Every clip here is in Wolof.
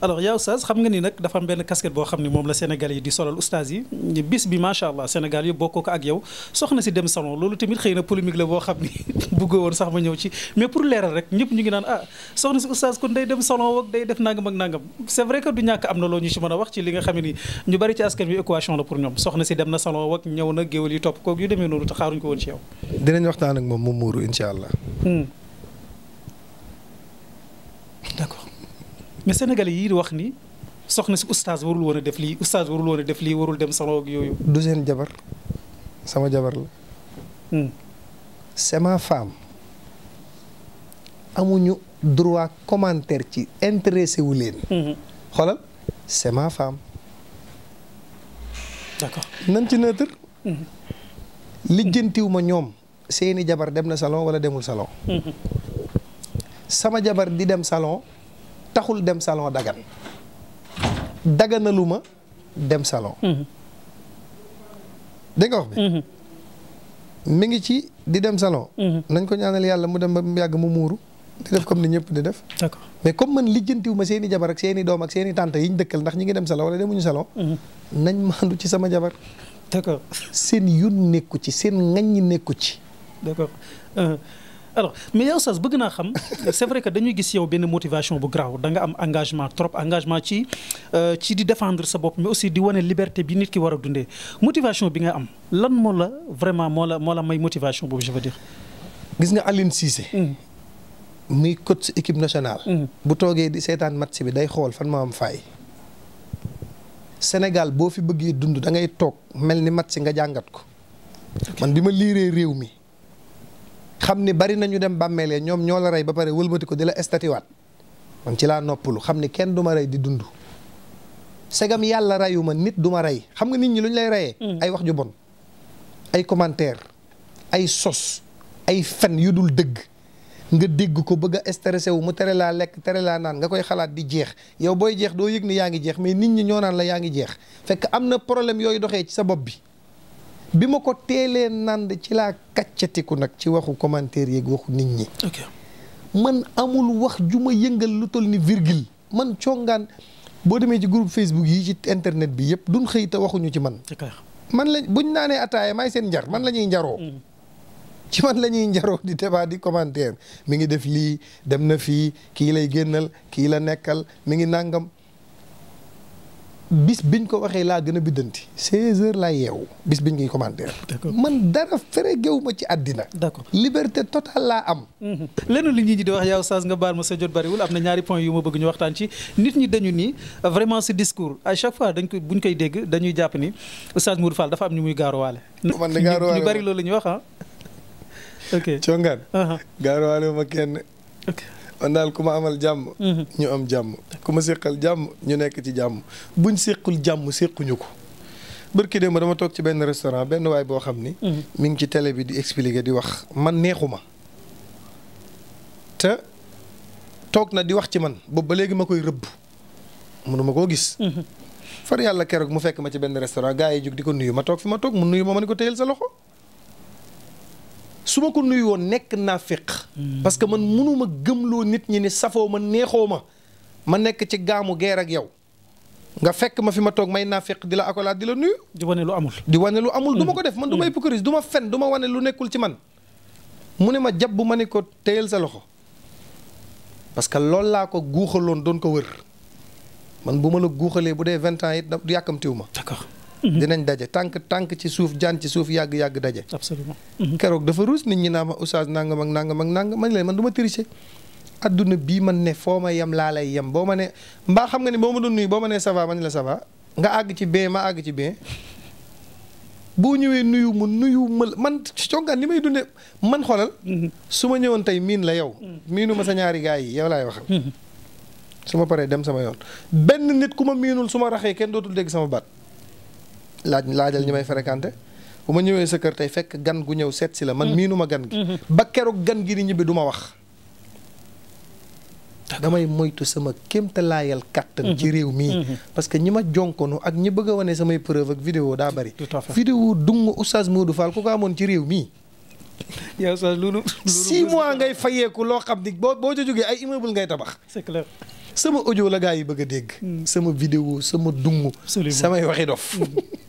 alors yow Oustaz xam nga ni nag dafa am benn casquette boo xam ne moom la Sénégal yi di solal Oustaz yi bis bi macha allah Sénégal yi bokkoo ko ak yow soxna si dem salon loolu tamit xëy na polémique la boo xam ni bëggoo ma ñëw ci mais pour leeral rek ñëpp ñu ngi naan ah soxna si Oustaz kon day dem salon def nangam ak nangam c'est vrai que du ñàkk am na loo ñu ci mën a wax ci li nga xam ne ñu bari ci askan wi équation la pour ñoom soxna si dem na salon wak ñëw na géwél yi topp koog yu demee noonu te xaaruñ ko woon ci yow dinañ waxtaan ak moom mu muuru incha allah hmm. mais sénégalais yi di wax ni soxna si oustaz warul woon a def lii oustaz warul woon a def lii warul dem salon ak yooyu. du seen jabar sama jabar la. Hmm. c'est ma femme. amuñu droit commentaire ci intéressé wu leen. Hmm. xoolal c'est ma femme. d'accord nan ci neutre. Hmm. lijjantiw ma ñoom seeni jabar dem na salon wala demul salon. sama jabar di dem salon. taxul dem salon dagan daganalu ma dem salon mhm. dégg nga wax bi mhm. mi ngi ci di dem salon mhm. nañ ko ñaanal yàlla mu dem ba mu yàgg mu muuru di def comme ni ñëpp di def mais comme man lijjantiwu ma seen i jabar ak seen i doom ak seen i yi ñu dëkkal ndax ñi ngi dem salon wala demuñu salon nañ maandu ci sama jabar d'accord seen yun nekku ci seen ŋaññi nekku ci alors mais yow Oustaz bëgg naa xam c'est vrai que dañuy gis yow benn motivation bu graw danga am engagement trop engagement ci euh, ci di défendre sa bopp mais aussi di wane liberté bi nit ki war a dundee motivation bi nga am lan moo la vraiment moo la moo la may motivation boobu je veux gis nga Alioune Cissé. Mm. muy coach équipe nationale. Mm. bu toogee di seetaan match bi day xool fan moo am faay. Sénégal boo fi bëggee dund da ngay toog mel ni match nga jàngat ko. man bi ma liiree réew mi. xam ni bari nañu dem bàmmeele ñoom ñoo la rey ba pare wëlbati ko di la estatiwaat man ci laa noppalu xam ni kenn du ma rey di dund segam yàlla reyu ma nit duma ma rey xam nga nit ñi lu ñu lay reyee mm. ay wax ju bon ay commentaire ay sos ay fen yu dul dëgg nga dégg ko bëgg a stressé wu mu tere laa lekk tere laa naan nga koy xalaat di jeex yow booy jeex doo yëg ni yaa ngi jeex mais nit ñi ñoo naan la yaa ngi jeex fekk am na problème yooyu doxee ci sa bopp bi bi ma ko teelee nand ci laa kàccatiku nag ci waxu commentaire yeeg waxu nit ñi. man amul wax juma yëngal lu toll ni virgule man congaan boo demee ci groupe Facebook yi ci internet bi yëpp duñ xëy waxuñu ci man. man la buñ naanee ataaya maay seen njar man la ñuy njaroo. Mm. ci man la ñuy njaroo di débat di commentaire mi ngi def lii dem na fii kii lay génnal kii la nekkal mi ngi nàngam bis biñ ko waxee laa gën a biddanti 16 heures laa yeewu bis biñ ngi commentaire man dara fere géew ci àddina liberté totale laa am mhm. lenn li nit ñi di wax yow Oustaz nga baal ma sa jot bariwul am na ñaari point yu ma bëgg ñu waxtaan ci nit ñi dañu ni vraiment ce discours à chaque fois dañ ko buñ koy dégg dañuy jàpp ni Oustaz Modou Fall dafa am ñu muy gaaruwaale ñu bari loolu la wax ah ok uh-huh. gaaruwaale ma kenn man daal ku ma amal jàmm. Mhm. ñu am jàmm ku ma séqal jàmm ñu nekk ci jàmm buñ séqul jàmm séquñu ko. bërki démb dama toog ci benn restaurant benn waay boo xam ni. Mhm. mi ngi ci télé bi di expliquer di wax man neexuma te toog na di wax ci man boobu ba léegi ma koy rëbb mënuma koo gis. Mhm. far yàlla keroog mu fekk ma ci benn restaurant gaa yi jóg di ko nuyu ma toog fi ma toog mu nuyu ma ma ni ko téyel sa loxo. su ma ko nuyu woon nekk naa féq hmm. parce que man mënuma gëmloo nit ñi ni safoo ma neexoo ma ma nekk ci gaamu geer ak yow nga fekk ma fi ma toog may naa féq di la akolaat di la nuyu di wane lu amul di wane lu amul duma hmm. ko def man du hmm. ma hypocrite du ma fen du wane lu nekkul ci man mu ne ma jab bu ma ne ko téyal sa loxo parce que loolu laa ko guuxaloon doon ko wër man bu ma la guuxalee bu dee vingt ans it du yàkkamtiwu ma d'accord Mhm. dinañ daje tànk tànk ci suuf jaan ci suuf yàgg yàgg daje. absolument. Mhm. keroog dafa ruus nit ñi naa ma oustaz nangam ak nangam ak nangam man leen man du ma tricher. adduna bii man ne foo ma yem laa lay yem boo ma ne mbaa xam nga ni boo ma doon nuyu boo ma nee ça va man la ça va nga àgg ci bien ma àgg ci bien. boo ñëwee nuyu mu nuyu ma man congaan li may dundee man xoolal. Mhm. su ma ñëwoon tey miin la yow. miinu ma sa ñaari gaa yi yow laay waxal. su ma paree dem sama yoon benn nit ku ma miinul su ma raxee kenn dootul dégg sama baat. laaj laajal ñi may fréquenté bu ma ñëwee sa kër tey fekk gan gu ñëw seet si la man mm-hmm. miinuma gan gi mm-hmm. ba keroog gan gi di ñibbi du ma wax damay moytu sama kéemtalaayal kàttan ci mm-hmm. réew mii parce que ñi ma jonkonu ak ñi bëgg a wane samay preuve ak daa bari vidéo dung oustaz Modou Fall ku ko amoon ci réew mii yaa oustaz loolu mois ngay fayeeku loo xam ni boo boo ca jógee ay immeuble ngay tabax c'est sama ojo la gaa yi bëgg a dégg mm. sama vidéo sama dung samay waxi dof mm.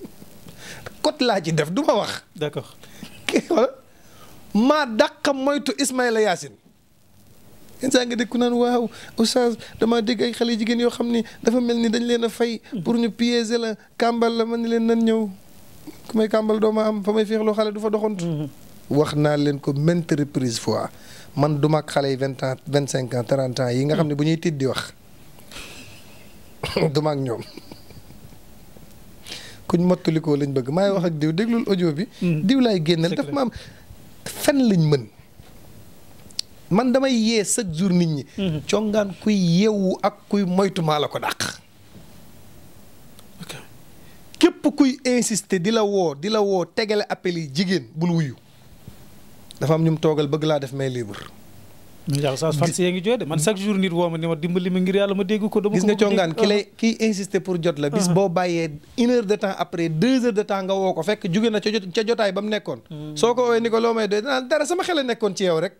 kot laa ci def du ma wax. d'accord daq dàq moytu Ismaïla Yaasin. yenn saa nga dégg ku naan waaw oustaz damaa dégg ay xale jigéen yoo xam ni dafa mel ni dañ leen a fay. pour ñu piéger la kàmbal la man ni leen nan ñëw ku may kàmbal doo ma am fa may féexloo xale du fa doxantu. Mm-hmm. wax naa leen ko maintes reprises fois man du mag xale yi vingt ans vingt cinq yi nga xam ne bu ñuy tiit di wax du mag ñoom. kuñ mottalikoo lañ bëgg maay wax ak diw déglul audio bi. Mm-hmm. diw laay génneel daf ma am fen lañ mën. man damay yee chaque jour nit ñi. Mm-hmm. congaan kuy yeewu ak kuy moytu la ko dàq. képp kuy insisté di la woo di la woo tegale appel jigéen bul wuyu. dafa am ñum toogal bëgg laa def may libre. Ndiakhou Sass fan si yaa ngi jooy de man chaque jour nit woo ma ni ma dimbali ma ngir yàlla ma dégg ko. dama ko gis nga congaan ki lay kiy insister pour jot la. bis ah. boo bàyyee une heure de temps après deux de temps nga woo ko fekk jóge na ca jotaay ba mu nekkoon. Hmm. soo ko woowee ni ko loo may doy danaa dara sama xel a nekkoon ci yow rek.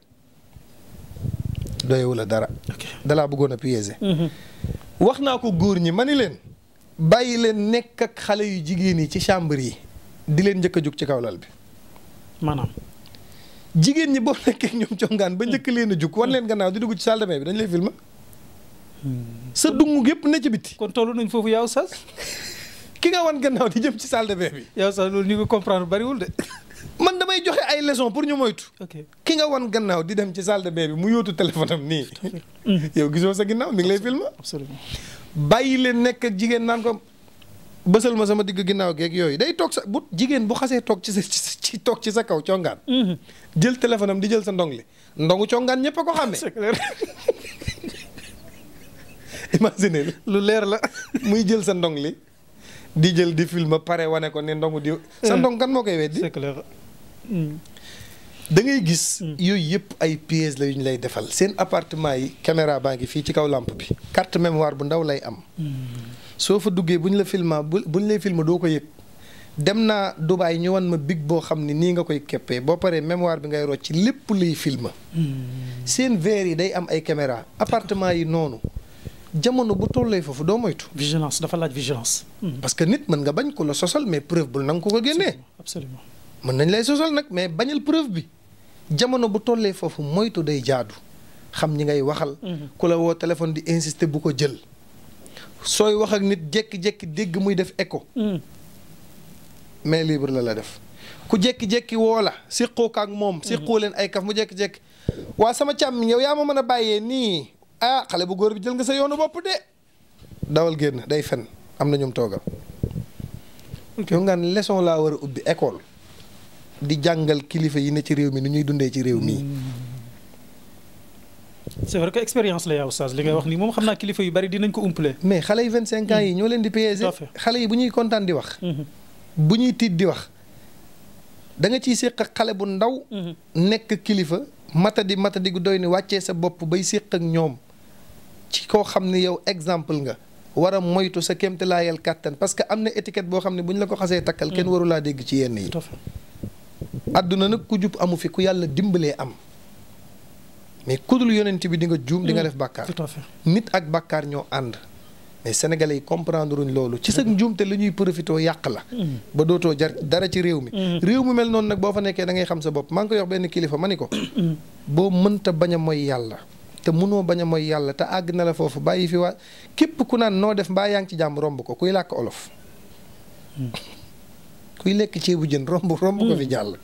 doyewu dara. dalaa bëggoon a piéger. Hmm. wax naa ko góor ñi ma ni leen. bàyyi leen nekk ak xale yu jigéen yi ci chambre yi. di leen njëkk a jug ci kaw lal bi. maanaam. jigéen ñi boo nekkee ñoom congaan ba njëkk leen a jug wan leen gannaaw di dugg ci salle de bain bi dañ lay filmer sa dungu yëpp ne ci biti. kon tollu nañ foofu yow sas ki nga wan gannaaw di jëm ci salle bi. yow sas loolu ñu ko comprendre bariwul de. man damay joxe ay leçon pour ñu moytu. ki nga wan gannaaw di dem ci salle bi mu yóotu téléphone am nii. yow gisoo sa ginnaaw mi ngi lay filmer. absolument bàyyi leen nekk ak jigéen naan ko bësal ma sama digg ginnaaw geeg yooyu day toog sa bu jigéen bu xasee toog ci sa ci toog ci sa kaw congaan jël téléphone di jël sa ndong li ndongu congaan ñëpp a ko xàmmee imagine lu leer la muy jël sa ndong li di jël di film pare wane ko ne ndongu di sa hmm. ndong kan moo koy weddi c'est clair hmm. gis hmm. yooyu yëpp ay pièces la yu ñu lay defal seen appartement yi caméra baa ngi fii ci kaw làmp bi carte mémoire bu ndaw lay am soo fa duggee bu ñu la filma bu ñu lay filma doo ko yëg dem naa Dubaay ñu wan ma big boo xam ne nii nga koy keppee boo paree mémoire bi ngay rocc ci lépp luy film. Hmm. seen verre yi day am ay caméra appartement yi noonu. jamono bu tollee foofu doo moytu. vigilance dafa laaj vigilance. Hmm. parce que nit mën nga bañ ko la sosal mais preuve bul nanga ko ko génnee. absolument mën nañ lay sosal nag mais bañal preuve bi. jamono bu tollee foofu moytu day jaadu xam ñi ngay waxal. Hmm. ku la woo téléphone di insister bu ko jël. sooy wax ak nit jékki-jékki dégg muy def écho. mais libre la la def ku jékki-jékki woo la siqoo ak moom siqoo leen ay kaf mu jekki jékki waa sama càmm yow yaa ma mën a bàyyee nii ah xale bu góor bi jël nga sa yoonu bopp de dawal génn day fen am na ñum toogal yow nga ne leçon laa war a ubbi école di jàngal kilifa yi ne ci réew mi nu ñuy dundee ci réew mi. Mm. c'est vrai que expérience la yaa oustaz li nga bari dinañ ko mais xale yi 25 ans yi mm. ñoo leen di. payé xale yi bu ñuy kontaan di wax. Mm-hmm. bu ñuy tiit di wax da nga ciy séq ak xale bu ndaw. Mhm. nekk kilifa matadi matadi gu doy ni wàccee sa bopp bay séq ak ñoom ci koo xam ne yow exemple nga. war a moytu sa kéemtalaayal kàttan parce que am na étiquette boo xam ne bu ñu la ko xasee takkal. kenn mhm. waru laa dégg ci yenn yi. àdduna nag ku jub amu fi ku yàlla dimbalee am. mais kudul yonent bi di nga juum di nga mhm. def bàkkaar nit ak bàkkaar ñoo ànd. mais sénégalais yi comprendre loolu ci sa mm-hmm. njuumte li ñuy profitoo yàq la mm-hmm. ba dootoo jar dara ci réew mi mm-hmm. réew mi mel noonu nag boo fa nekkee da ngay xam sa bopp maa ko koy wax benn kilifa ma ni ko boo mënta bañ a mooy yàlla te munoo bañ a mooy yàlla te àgg na la foofu bàyyi fi waa képp ku naan noo def mbaa yaa ci jàmm romb ko kuy làkk olof kuy lekk ceebu jën romb romb ko fi jàll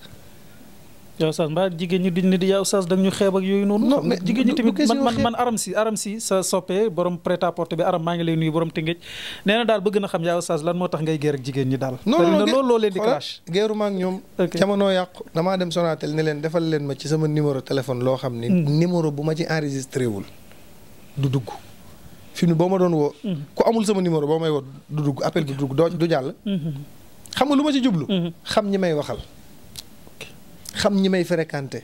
yow Oustaz mbaa jigéen ñi duñ ne di yaa Oustaz da ñu xeeb ak yooyu noonu. non mais jigéen ñi tamit man man man aram si aram si sa soppe borom prêt à porter bi aram maa ngi lay nuyu borom tëngëj nee na daal bëgg na xam yaa Oustaz lan moo tax ngay géer ak jigéen ñi daal. non non loolu loo leen di clash. géeru ma ak ñoom. jamono yàqu damaa dem Sonatel ne leen defal leen ma ci sama numéro téléphone loo xam ni. Mm. numéro bu ma ci enregistré wul du dugg. fi mu boo ma doon woo. Mm. ku amul sama numéro boo may woo dugg appel du dugg doo du jàll. Mm-hmm. xam nga lu ma ci jublu. Mm-hmm. xam ñi may waxal xam ñi may fréquenté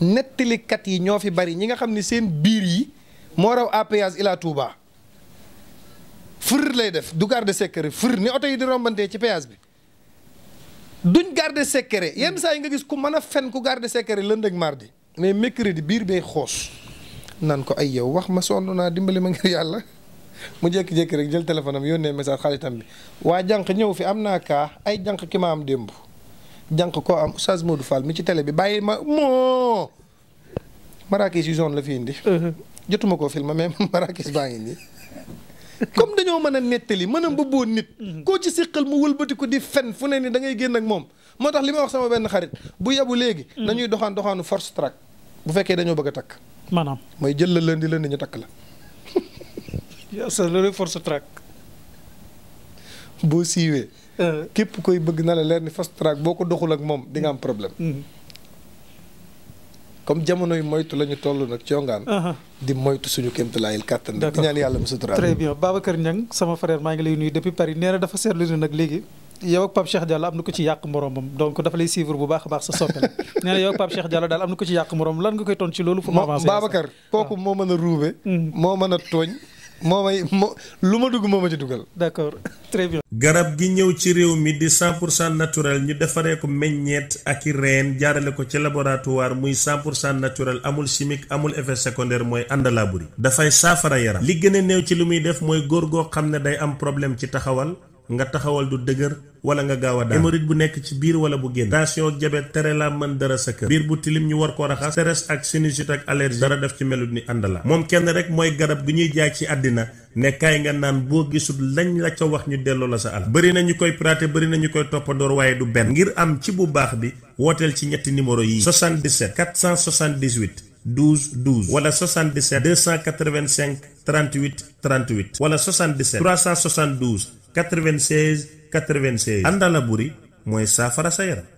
nettalikat yi ñoo fi bari ñi nga xam ni seen biir yi moo raw APS Ila Touba fër lay def du garde secret fër ni oto yi di rombantee ci péage bi duñ garde secret yenn saa yi nga gis ku mën a fen ku garde secret lundi ak mardi mais mercredi biir bee xoos naan ko ay yow wax ma sonn naa dimbali ma ngir yàlla mu jekki jekki rek jël téléphone am yónnee message xaritam bi waa jànq ñëw fi am naa kaa ay jànq ki ma am démb jànq ko am Oustaz Modou Fall mi ci télé bi bàyyi ma moo Marrakech yu zone la fii indi. Uh-huh. jotuma ko koo filmé mais Marrakech baa ngi nii. comme dañoo mën a nettali mën a mbëbboo nit. koo ci siqal mu wëlbati ko di fen fu ne ni da ngay génn ak moom moo tax li ma wax sama benn xarit bu yebu léegi. Mm. nañuy doxaan doxaanu force track bu fekkee dañoo bëgg a takk. maanaam mooy jël la lëndi lëndi ñu takk la. force track boo siiwee. Euh. képp koy bëgg na la leer ni fast track boo ko doxul ak moom di nga am problème. Mm-hmm. comme jamono yi moytu la ñu toll nag congaan uh-huh. di moytu suñu kéemtalaayil kàttan. di ñaan yàlla mu suturaal. très bien Babacar Niang sama frère maa ngi lay nuyu depuis Paris nee dafa seetlu ne nag léegi. yow ak Pape Cheikh am na ko ci yàq moroomam donc dafa lay suivre bu baax a baax sa soppe la nee na yow ak Pape daal am na ko ci yàq moroom lan nga koy ton ci loolu. pour mu avancer Babacar kooku ah. moo mën a mm-hmm. moo mën a tooñ. moo may moo lu ma dugg moo ma ci dugal. d'accord garab gi ñëw ci réew mi di 100 pour cent naturel ñu defaree ko meññeet ak i reen jaarale ko ci laboratoire muy 100 pour cent naturel amul chimique amul effet secondaire mooy ànd laa buri dafay saafara yaram. li gën a néew ci li muy def mooy góor goo xam ne day am problème ci taxawal. nga taxawal du dëgër wala nga gaaw a daan hémorroïde bu nekk ci biir wala bu génn tension ak jabet tere la mën dara sa kër biir bu tilim ñu war koo raxas stress ak sinusite ak allergie dara def ci melut ni ànd la moom kenn rek mooy garab gi ñuy jaay ci àddina ne kaay nga naan boo gisul lañ la ca wax ñu delloo la sa àll bëri na ñu koy praté bëri na ñu koy toppandoor waaye du benn ngir am ci bu baax bi wooteel ci ñetti numéro yi 77 478 wala 77 285 wala 77 372 96 96. àndala buri mooy saafara sa yaram.